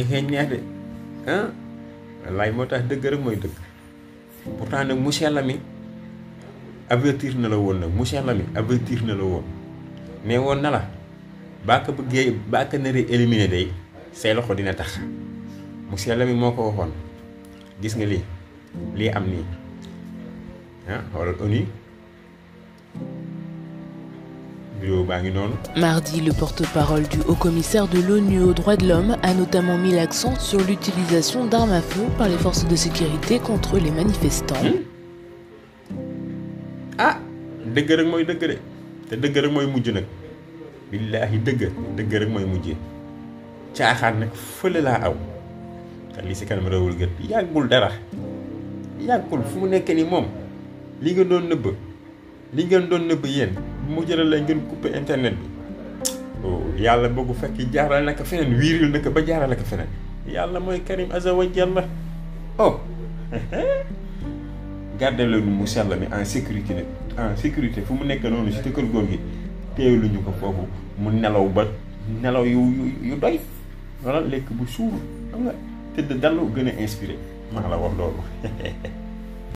ñu xeeñ neex ah. wallaay moo tax dëgg rek mooy dëgg pourtant nag monsieur Lamy avertir na la woon nag monsieur Lamy avertir na la woon nee woon na la baa ko bëggee baa ko naree éliminé day say loxo dina tax monsieur mi moo ko waxoon gis nga lii lii am nii ah xoolal ONU Mardi, le porte-parole du haut-commissaire de l'ONU aux droits de l'homme a notamment mis l'accent sur l'utilisation d'armes à feu par les forces de sécurité contre les manifestants. Hmm? Ah, dëgg rek mooy dëgg de te dëgg rek moy mujj nag billaahi dëgg dëgg rek mooy mujjee caaxaan nag fële laa aw te li si kanam rewul gët yàggul dara yàggul fu mu nekk ni mom li nga doon neub li nga doon neub yéen mu jëlal lay ngeen couper internet bi oh, yàlla bëggu fekk jaarale na ko feneen wiiril na ko ba jaarale ko feneen yàlla mooy karim azawajalla oh garde leen mu sell mi en sécurité en sécurité fu mu nekk noonu si kër góor gi teewluñu ko foofu mu nelaw ba nelaw yu yu doy wala lekk bu suur xam nga tëdd dallu gën a inspiré maa la wax loolu